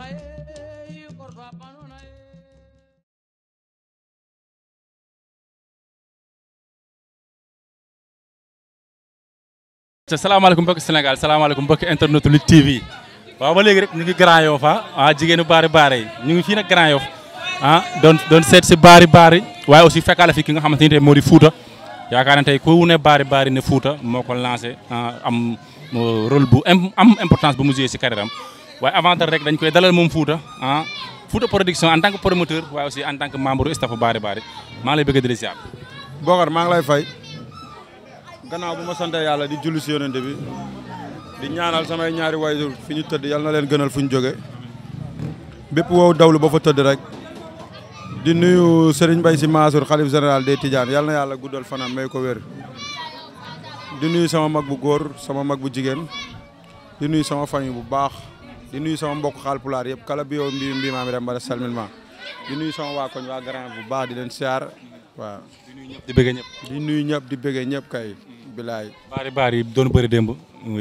haye gorko haɓɓano naye salaamaaleykum mbokki Sénégal salaamaaleykum mbokki internet Lutte TV waaw ba léegi rek ñu ngi Grand Yoff ah, ah jigéenu baari baari yi ñu ngi fii nag Grand ah, doon doon seet si baari baari waaye aussi fekkaale fi ki nga xamante ni tey moo di Fouta yaakaar na tey ku ne baari baari ne Fouta moo ko lancé ah, am euh, rôle bu am importance bu mu joué si carrière waaye avant rek dañ koy dalal moom Fouta ah Fouta production en tant que promoteur waaye aussi en tant que membre staff Bari Bari maa ngi lay bëgg di la boo Bokar maa ngi lay fay gannaaw bu ma santa yàlla di julli si yonente bi di ñaanal samay ñaari waajur fi ñu tëdd yàlla na leen gënal fu ñu jóge bépp wow dawlu ba fa tëdd rek di nuyu Serigne bay si Mansour xalif général des tijaan yàlla yàlla guddal fanam may ko wér di nuyu sama mag bu góor sama mag jigéen di nuyu sama bu baax. di nuyu sama mbokk xaalpulaar yëpp kala bi yow mbi mbi maa mi rem bala salmin ma di nuyu sama waa koñ waa grand bu baax di leen siyaar waaw di nuyu ñëpp di bëggee ñëpp di nuyu ñëpp di bëggee ñëpp kay bilaay baari baari doon bëri démb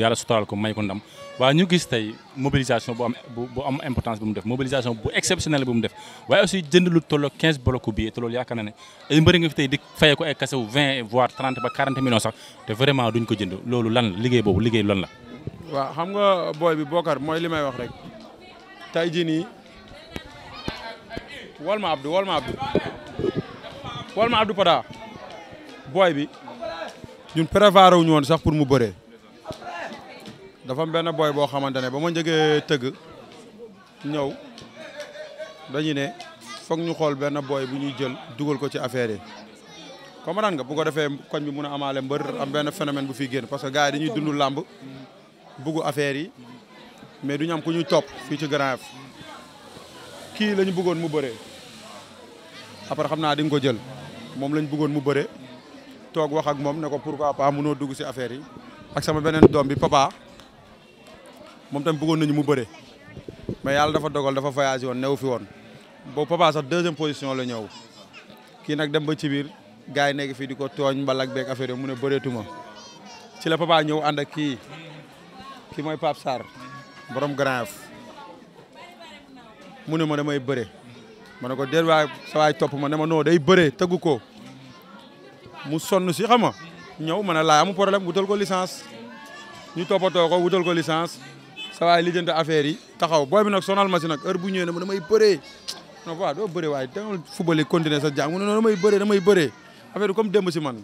yàlla suturaal ko may ko ndam waaw ñu gis tey mobilisation bu am bu am importance bu mu def mobilisation bu bu mu def waaye aussi jënd lu tolloo 15 bloc bi te loolu yaakaar na ne ay mbëri nga fi tey di fayee ko ay kasewu 20 voire 30 ba 40 millions sax te vraiment duñ ko jënd loolu lan liggéey boobu liggéey lan waaw xam nga booy bi Bokar mooy li may wax rek tey jii nii wol ma Abdou wol ma Abdou wol ma Abdou Pada booy bi ñun préparé wuñu woon sax pour mu bëree dafa am benn booy boo xamante ne ba ma njëgee tëgg ñëw dañu ne foog ñu xool benn booy bu ñuy jël dugal ko ci affaire yi comprendre nga bu ko defee koñ bi mun a amaale mbër am benn phénomène bu fiy génn parce que gars yi dañuy dund làmb bugg affaire yi mais duñu am ku ñuy topp fii ci Grand Yoff kii la buggoon mu bëree après xam naa di nga ko jël moom la buggoon mu bëre toog wax ak moom ne ko pourquoi pas mënoo dugg si affaire yi ak sama beneen doom bi papa moom tamit bëggoon nañu mu bëre mais yàlla dafa dogal dafa voyagé woon newu fi woon boobu papa sax deuxième position la ñëw kii nag dem ba ci biir gars yi nekk fii di ko tooñ mbalak beeg affaire yi mun ne bëreetuma ci la papa ñëw ànd ak kii kii mooy Pape Sarr borom Grand Yoff mu ne ma damay bëre ma ne ko déet waay sa topp ma ne ma noo day bëre tëggu ko mu sonn si xam nga ñëw ma ne laa amu problème wutal ko licence ñu toppatoo ko wutal ko licence sa waay lijjanti affaire yi taxaw booy bi nag sonal ma si nag heure bu ñëwee ne ma damay bëree ma ne ko waaw doo bëree waaye danga fubali sa jàng mu ne non damay damay bëree affaire comme démb si man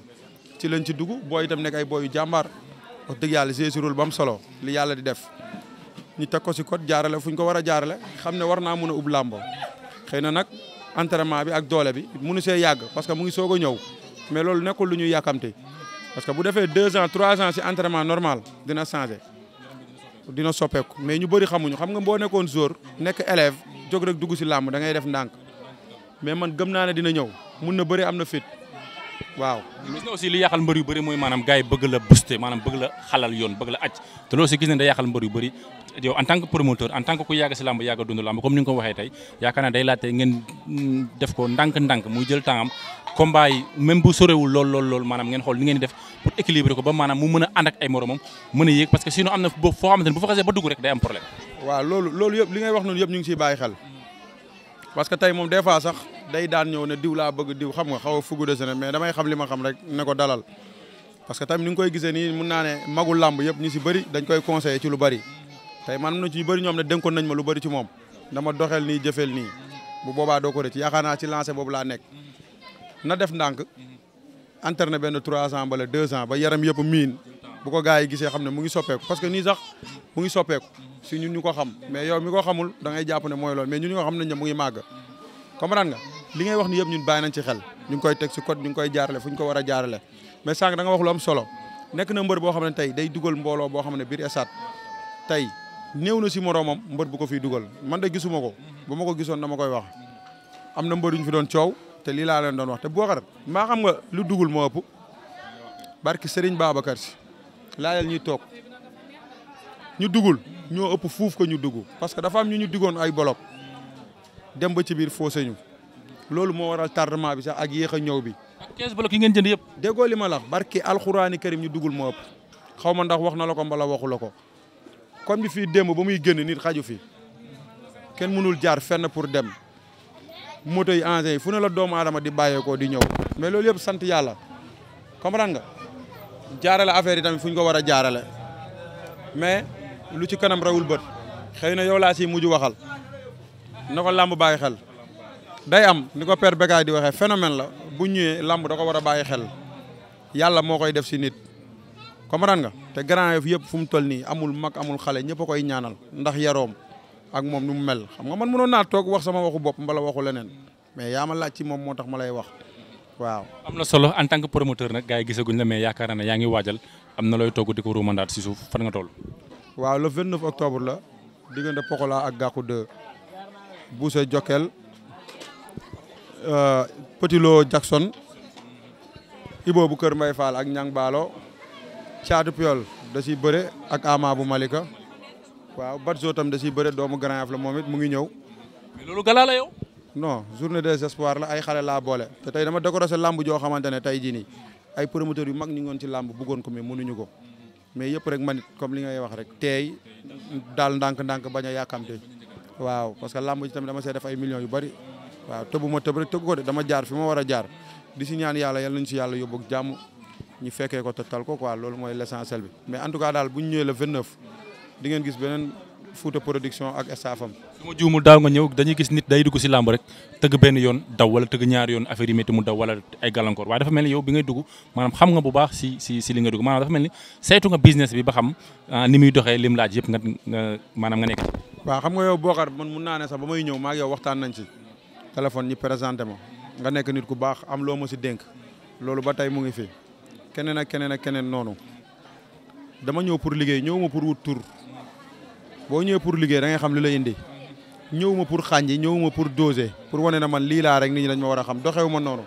ci lañ ci dugg booy itam nekk ay booy yu jàmbaar wax dëgg yàlla joué si rôle solo li yàlla di def ñu teg ko si code jaarale fu ñu ko war a jaarale xam ne war naa mun a ub làmbo xëy na nag entrement bi ak doole bi munu see yàgg parce que mu ngi soog a ñëw mais loolu nekkul lu ñu yàkkamte parce que bu defee deux ans trois ans si entrement normal dina changé dina soppeeku mais ñu bëri xamuñu xam nga boo nekkoon jour nekk élève jóg rek dugg si làmb da ngay def ndànk mais man gëm naa ne dina ñëw mun na bëri am na waaw gis na aussi li yàqal mbër yu bëri mooy maanaam gars yi bëgg la booster maanaam bëgg la xalal yoon bëgg la aj te aussi gis nañ day yàqal mbër yu bëri yow en tant promoteur en tant que ku yàgg si làmb yàgg dund làmb comme ni ko waxee tey yaakaar naa day laajte ngeen mm, def ko ndànk-ndànk muy jël temps am combat yi lool lool maanaam ngeen xool ni ngeen def pour équilibrer ko ba maanaam mu mën a ànd ak ay mën a yéeg parce que sinon day daan ñëw ne diw laa bëgg diw xam nga xaw a fugu de sene mais damay xam li ma xam rek ne ko dalal parce que tamit ni nga koy gisee nii mun naa ne magul làmb yëpp ñu si bëri dañ koy conseillé ci lu bëri te man na ci bëri ñoom ne dénkoon nañ ma lu bëri ci moom dama doxel nii jëfel nii bu boobaa doo ko rëcc yaakaar naa ci lancé boobu laa nekk na def ndànk entraîné benn trois ans wala deux ans ba yaram yëpp miin bu ko gars yi gisee xam ne mu ngi soppeeku parce que nii sax mu ngi soppeeku si ñun ñu ko xam mais yow mi ko xamul da ngay jàpp ne mooy loolu mais ñun ñu ko xam nañ ne mu ngi màgg comprendre nga li ngay wax ni yëpp ñun bàyyi nañ ci xel ñu ngi koy teg si code ñu ngi koy jaarale fu ñu ko war a jaarale mais sànq da nga wax lu solo nekk na mbër boo xam ne tey day dugal mbooloo boo xam ne biir esaat tey néew na si moroomam mbër bu ko fiy dugal man de gisuma ko bu ma ko gisoon dama koy wax am na mbër ñu fi doon coow te lii laa leen doon wax te boo xar maa xam nga lu dugul moo ëpp barki Serigne Babacar si laajal ñuy toog ñu dugul ñoo ëpp fuuf ko ñu dugg parce que dafa am ñu ñu diggoon ay bolok dem ba ci biir foosé ñu loolu moo waral tardement bi sax ak yéex a ñëw bi. ak 15 bloc yi ngeen jënd yëpp. déggoo li ma la barki alxuraani karim ñu dugul moo ëpp xaw ma ndax wax na la ko mbala waxu la ko comme ni fii démb ba muy génn nit xaju fi kenn mënul jaar fenn pour dem moto yi engins fu ne la doom aadama di bàyyeekoo di ñëw mais loolu yëpp sant yàlla comprendre nga jaarale affaire yi tamit fu ñu ko war a jaarale mais lu ci kanam rawul bët xëy na yow laa siy mujj waxal na ko làmb bàyyi xel. day am ni ko père Bécaye di waxee phénomène la bu ñëwee lamb da ko war a bàyyi xel yàlla moo koy def si nit. comprendre nga te Grand Yoff yëpp fu mu toll nii amul mag amul xale ñëpp koy ñaanal ndax yaroom ak moom nu mu mel xam nga man mënoon naa toog wax sama waxu bopp mbala waxu leneen mais yaa ma laaj ci moom moo tax ma lay wax. waaw am na solo en tant que promoteur nag gars yi gisaguñ la mais yaakaar naa ne yaa ngi waajal am na looy togg di ko ruumandaat si suuf fan nga toll. waaw le 29 octobre la diggante Pokola ak Gakou 2 Bousse Jokkel Euh, Petit Lo Jackson Ibo bu Kër Mbay Fall ak Ñang Baalo Caatu Puyol da siy bëre ak Ama bu Malika waaw Batzo tam da siy bëre doomu Grand Yoff la moom it mu ngi ñëw. mais loolu gala la yow. non journée des espoirs la ay xale laa boole te tey dama décoré làmb joo xamante ne tey jii nii ay promoteurs yu mag ñu ngi woon ci làmb bëggoon ko mais mënuñu ko mais yëpp rek man comme li ngay wax rek teey daal ndànk-ndànk bañ a yàkkamte waaw parce que làmb ji tamit dama see ay millions yu bari. waaw tëbu ma tëb rek tëgg ko de dama jaar fi ma war a jaar di si ñaan yàlla yal nañu si yàlla yóbbu jàmm ñu fekkee ko total ko loolu mooy l'essentiel bi mais en tout cas daal ma juumul daaw nga ñëw dañuy gis nit day dugg si làmb yoon daw wala tëgg ñaari yoon affaire yi métti mu daw wala ay gàllankoor waaye dafa mel ni yow bi saytu nga business bi ba xam ah, ni muy doxee lim laaj yëpp nga maanaam nga nekk. waaw xam nga yow Bokar man mun naa ne sax ba may ñëw maa waxtaan nañ ci téléphone ñi présenté ma nga nekk nit ku baax am loo ma si dénk loolu ba tey mu ngi fi keneen ak keneen ak keneen noonu dama ñëw pour liggéey ñëwuma pour wut tur boo ñëwee pour liggéey da ngay xam li la indi ñëwuma pour xàññi ñëwuma pour doser pour wane na man lii rek ni ñi dañ ma war a xam doxewu ma noonu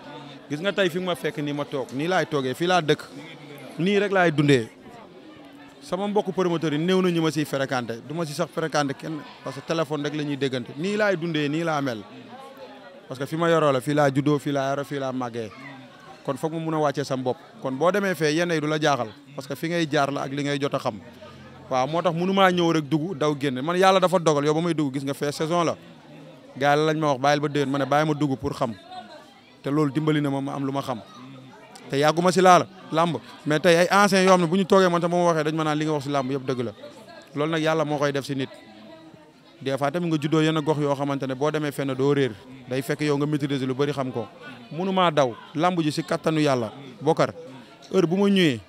gis nga tey fi ma fekk nii ma toog nii laay toogee fii laa dëkk nii rek laay dundee sama mbokku promoteurs yi néew na ñu ma siy fréquenté du ma si sax fréquenté kenn parce que téléphone rek la ñuy déggante nii laay dundee nii laa mel parce que fi ma yoroo la fii laa juddoo fii laa yaroo fii laa kon foog mu mun a wàccee sam kon boo demee fee yenn yi du la jaaxal parce que fi nga jaar la ak li ngay jot a xam waaw moo tax mënumaa ñëw rek dugg daw génn man yàlla dafa dogal yow ba may dugg gis nga fee saison la gaa yi lañ ma wax bàyyil ba déwén ma ne bàyyi ma dugg pour xam te loolu dimbali na ma ma am lu ma xam te yàgguma si laal làmb mais tey ay anciens yoo xam ne bu ñu toogee man tam ba ma waxee dañ ma naan li nga wax si yëpp dëgg la loolu nag yàlla moo koy def si nit des fois tamit nga juddoo yenn gox yoo xamante ne boo demee fenn doo réer day fekk yow nga maîtriser lu bëri xam ko mënumaa daw lamb ji si kattanu yàlla bokkar heure bu ma ñëwee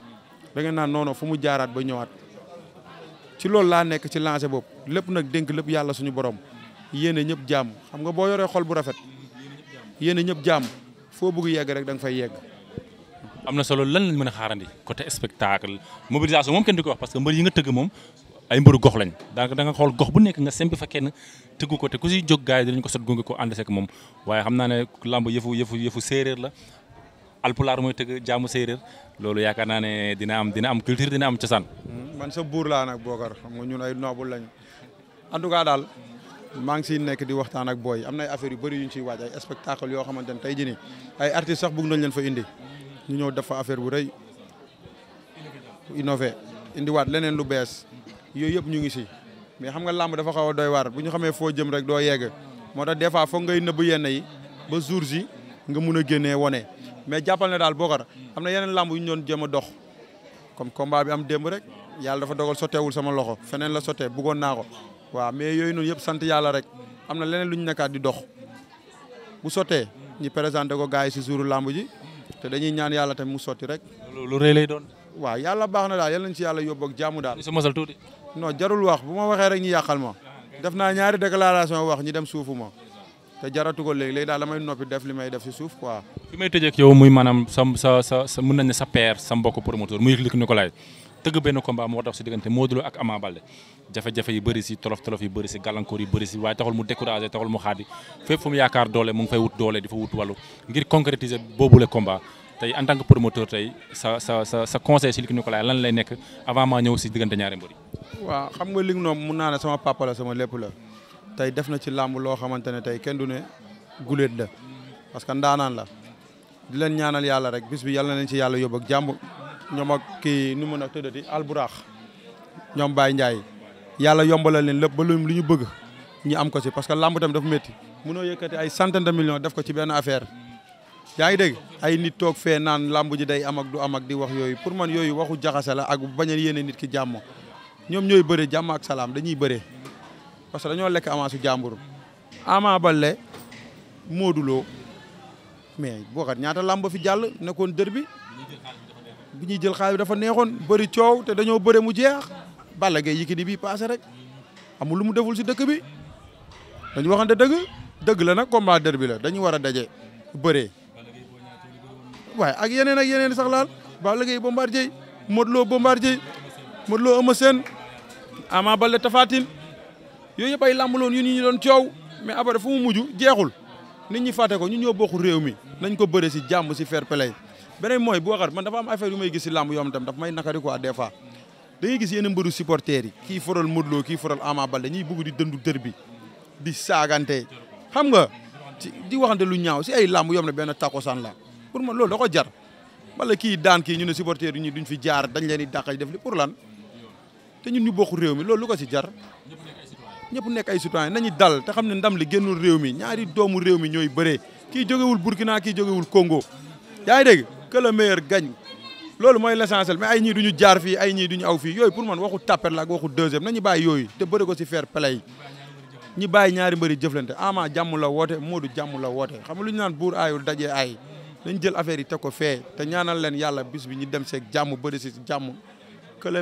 da nga naan noono fu mu jaaraat ba ñëwaat ci loolu laa nekk ci lancé boobu lépp nag dénk lépp yàlla suñu borom yéene ñëpp jàmm xam nga boo yoree xol bu rafet yéene ñëpp jàmm foo bëgg yegg rek da fay yegg am na solo lan lañ mën a xaarandi côté spectacle mobilisation moom kenn di ko parce que mbër yi nga tëgg moom ay mbëru gox lañ daanaka da nga xool gox bu nekk nga sembi fa kenn tëggu ko te ku siy jóg gars yi dinañ ko sot gunge ko ànd seeg moom waaye xam naa ne làmb yëfu yëfu yëfu séeréer la alpulaar mooy tëgg jaamu séeréer loolu yaakaar naa ne dina am dina am culture dina am cosaan. Hmm, man sa buur laa nag bookar xam nga ñun ay noble lañ en tout cas daal maa ngi siy nekk di waxtaan ak booy am na affaire yu bëri yu ñu siy waaj ay spectacle yoo xamante ne tey jii nii ay artistes sax bëgg nañ leen fa indi ñu ñëw def affaire bu rëy indiwaat leneen lu bees yooyu yëpp ñu ngi si mais xam nga làmb dafa xaw a doy waar bu ñu xamee foo jëm rek doo yegg moo tax des fois foog ngay nëbb yenn yi ba jour ji nga mun a génnee wone mais jàppal na daal bookar am na yeneen làmb yu ñu doon a dox comme combat bi am demb rek yàlla dafa dogal sotteewul sama loxo feneen la sotee buggoon naa ko waa mais yooyu noonu yëpp sant yàlla rek am na leneen lu ñu nekkaat di dox bu sotee ñu présenté ko gars yi si jouru làmb ji te dañuy ñaan yàlla tamit mu sotti rek. lu rëy doon. waaw yàlla baax na daal yal nañu si yàlla yóbbu ak jàmm daal. non jarul wax bu ma waxee rek ñu yàqal ma def naa ñaari déclaration wax ñu dem suufu ma te jaratu ko léegi léegi daal may noppi def li may def si suuf quoi. fi may tëjee ak yow muy maanaam sa sa sa sa mën nañ sa père sa mbokk promoteur muy Luc Nicolaï tëgg benn combat moo tax si diggante Modou Lo ak Ama Baldé jafe-jafe yu bëri si tolof tolof yu bari si gàllankoor yu bëri si waaye taxul mu découragé taxul mu xaadi fépp fu mu yaakaar doole mu ngi fay wut doole di fa wut wàllu ngir concrétiser boobule combat tey en tant que promoteur tey sa sa sa sa conseil si Luc Nicolaï lan lay nekk avant maa ñëw si diggante ñaari mbër yi. xam nga Luc moom mun naa sama papa la sama lépp la tey def na ci làmb loo xamante ne tey kenn du ne guléet la parce que ndaanaan la di leen ñaanal yàlla rek bis bi yàlla nañ ci yàlla yóbbu ak jàmm ñoom ak kii nu mën a tëddati alburax ñoom Baye Ndiaye yàlla yombalal leen lépp ba lu ñu bëgg ñu am ko si parce que làmb tamit dafa métti. mënoo yëkkati ay centaine def ko ci benn affaire. yaa ngi dégg ay nit toog fee naan làmb ji day amag du amag di wax yooyu pour man yooyu waxu jaxase la ak bañ a yéene nit ki jàmm ñoom ñooy bëre jàmm ak salaam dañuy bëre parce que dañoo lekk avance su jàmbur. Ama Baldé Modou Lo mais boo ñaata làmb fi jàll nekkoon dër bi bi jël xaalis dafa neexoon bëri coow te dañoo bëre mu jeex Balla Gaye Yékini bi passé rek amul lu mu deful si dëkk bi dañu waxante dëgg dëgg la nag combat bi la dañu war a daje bëree. waaye ak yeneen ak yeneen sax laal Balla Gaye Bombardier Modou Lo Bombardier Modou Lo Eumeu Sène Ama Baldé Tapha Tine yooyu yëpp ay làmb loon yu ñu doon coow mais après fu mu mujj jeexul ni ñu fàtte ko ñu ñoo bokk réew mi nañ ko bëre si jàmm si fair play beneen mooy bu waxat man dafa am affaire yu may gis si làmb yoom tam dafa may nakari quoi des fois da ngay gis yenn mbëru supporters yi kii foral Modou Lo kii foral Ama Baldé ñuy bëgg di dëndu dër di saagante xam nga di waxante lu ñaaw si ay làmb yoom ne benn takkusaan la pour man loolu da ko jar wala kii daan kii ñu ne supporter yi ñu fi jaar dañ leen di dàqal def li pour lan te ñun ñu bokk réew mi loolu lu ko si jar ñëpp nekk ay citoyen nañu dal te xam ne ndam li génnul réew mi ñaari doomu réew mi ñooy bëree kii jógewul Burkina kii jógewul Congo yaa ngi dégg que le meilleur gagne loolu mooy l'essentiel mais ay ñii duñu jaar fii ay ñii duñu aw fii yooyu pour man waxu tapet la ak waxu deuxième nañu bàyyi yooyu te bëri ko si fair play ñi bàyyi ñaari mbëri jëflante ama jàmm woote Modou jàmm woote xam nga lu ñu naan buur aayul dajee aay nañ jël affaire yi teg ko fee te ñaanal leen yàlla bis bi ñu dem seeg jàmm bëri si jàmm que le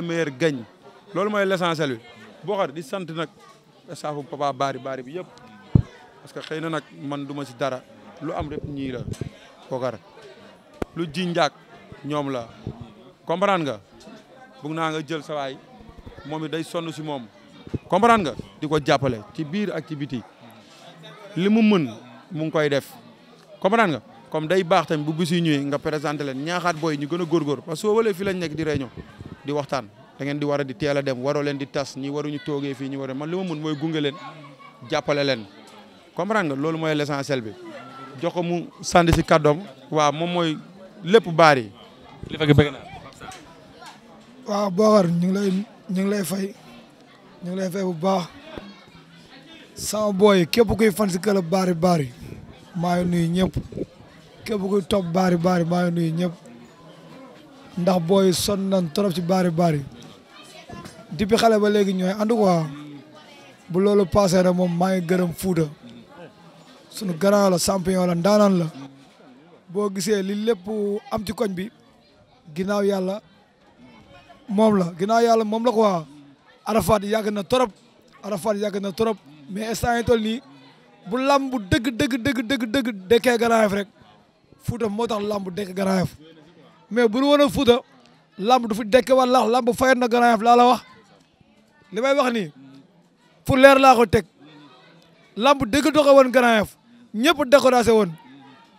loolu mooy l'essentiel bi boo xam di sant nag saafu papa baari baari bi yëpp parce que xëy na nag man duma si dara lu am rek ñii la Bokar lu ji njaag ñoom la comprendre nga bugg naa nga jël sawaay moom it day sonn si moom comprendre nga di ko jàppale ci biir ak ci li mu mën mu ngi koy def comprendre nga comme day baax tamit bu bis yi nga présenté leen ñaaxaat booy ñu gën a góorgóor parce que soo walee fii lañ di réunion di waxtaan da ngeen di war a di teel a dem waroo leen di tas ñi waruñu toogee fii ñu war man li ma mun mooy gunge leen jàppale leen comprendre nga loolu mooy l'essentiel bi jox ko mu sandi si kàddoom waa moom mooy lépp baar yi. li fekk bëgg naa. waaw Bokar ñu ngi lay ñu ngi lay fay ñu ngi lay fay bu baax. sama booy képp kuy fan si club Bari Bari maa ngi nuyu képp ku topp baari baari maa nu nuyu ndax booy son nan trop ci baari baari depuis xale ba léegi ñooy ànd quoi bu loolu passé rek moom maa ngi gërëm Fouta sunu grand la champion la ndaanaan la boo gisee li lépp am ci koñ bi ginnaaw yàlla moom la ginnaaw yàlla moom la quoi Arafat yàgg na trop Arafat yàgg na trop mais instant yi toll nii bu lamb dëgg dëgg dëgg dëgg dëgg dekkee garaaf rek Fouta moo tax lamb dekk Grand Yoff mais bu ñu woon a Fouta lamb du fi dekk wala lamb fayoon na Grand Yoff wax li wax nii fu leer laa ko teg lamb dëgg doxe woon Grand Yoff ñëpp découragé woon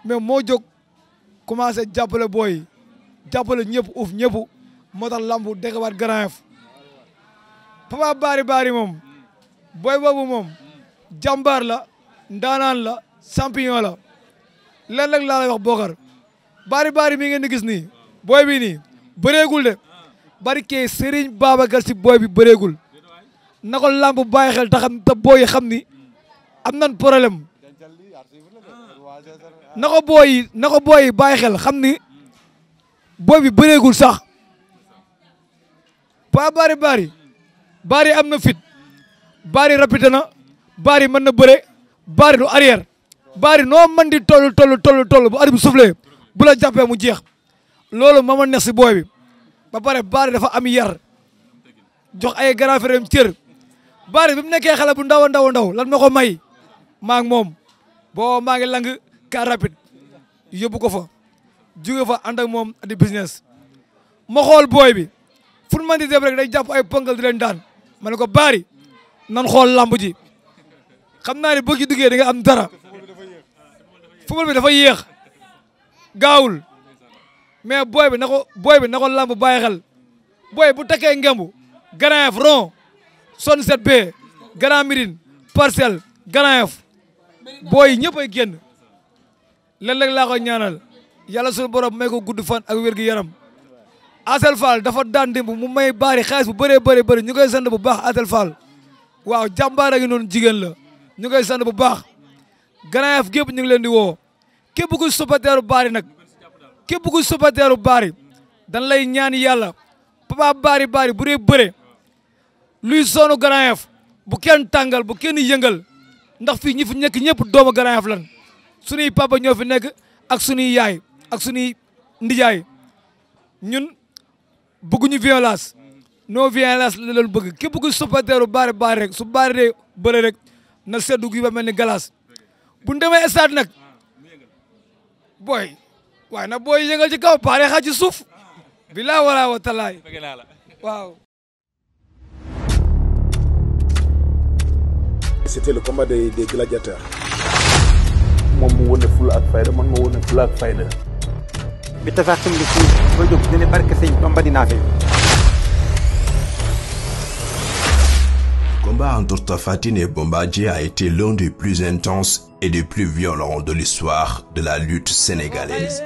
mais moo jog commencé jàppale booy jàppale ñëpp uf ñëpp moo tax lamb dekkawaat Grand Yoff papa baari baari moom booy boobu moom jàmbaar la ndaanaan la champion la lenn rek laa lay wax bookar baari baari ngeen gis nii booy bi nii bëreegul de barke Serigne Babacar si booy bi bëreegul na ko làmb bàyyi xel te xam booy xam ni am nan problème na ko booy yi xel xam ni booy bi bëreegul sax pas baari bari am na fit baari rapide na baari mën na bëre bari du arrière Bary noo mën di toll toll toll toll bu arbitre bi soufflé bu la jàppee mu jeex loolu ma ma neex si booy bi ba pare Bary dafa am yar jox ay grand frère am cër Bary bi mu nekkee xale bu ndaw a ndaw ndaw lan ma ko may maa moom boo maa ngi lang car rapide yóbbu ko fa jóge fa ànd ak moom di business ma xool booy bi fu man di dem rek day jàpp ay ponkal di leen daan ma ne ko Bary nan xool lamb ji xam naa ne boo ci duggee da nga am dara. football bi dafa yéex gaawul mais booy bi na ko booy bi na ko bàyyi xel booy bu takkee ngembu Grand Yoff son 7B Grand Médine Parcelles Grand Yoff booy ñëpp ay génn léeg-léeg laa ko ñaanal yàlla suñu borom may ko gudd fan ak wér gi yaram Asel Fall dafa daan démb mu may baari xaalis bu bëree bëri bëri ñu koy sand bu baax Asel Fall waaw jàmbaar a ngi noonu jigéen la ñu koy sand bu baax Grand Yoff gépp ñu ngi leen di woo képp ku supporteeru baari nag képp ku supporteeru baari dan lay ñaan yàlla Papa baari Bary bu dee bëre luy soonu Grand bu kenn tàngal bu kenn yëngal ndax fii ñi fi nekk ñëpp doomu Grand Yoff lan suñuy papa ñoo fi nekk ak suñuy yaay ak suñuy ndijaay ñun bëgguñu violence non violence la loolu bëgg képp ku supporteeru Bary baari rek su Bary dee bëre rek na seddu gi ba mel ni galaas bu ñu demee stade nag booy waaye nag booy yëngal ci kaw paare xaj ci suuf bilaa wala wa waaw. moom mu wane fula ak fayda man ma wane fula ak fayda. bi tasaar bi fii ba jóg dina barke sëñ Bamba dinaa a été l'un des plus intenses et des plus violents de l'histoire de la lutte sénégalaise.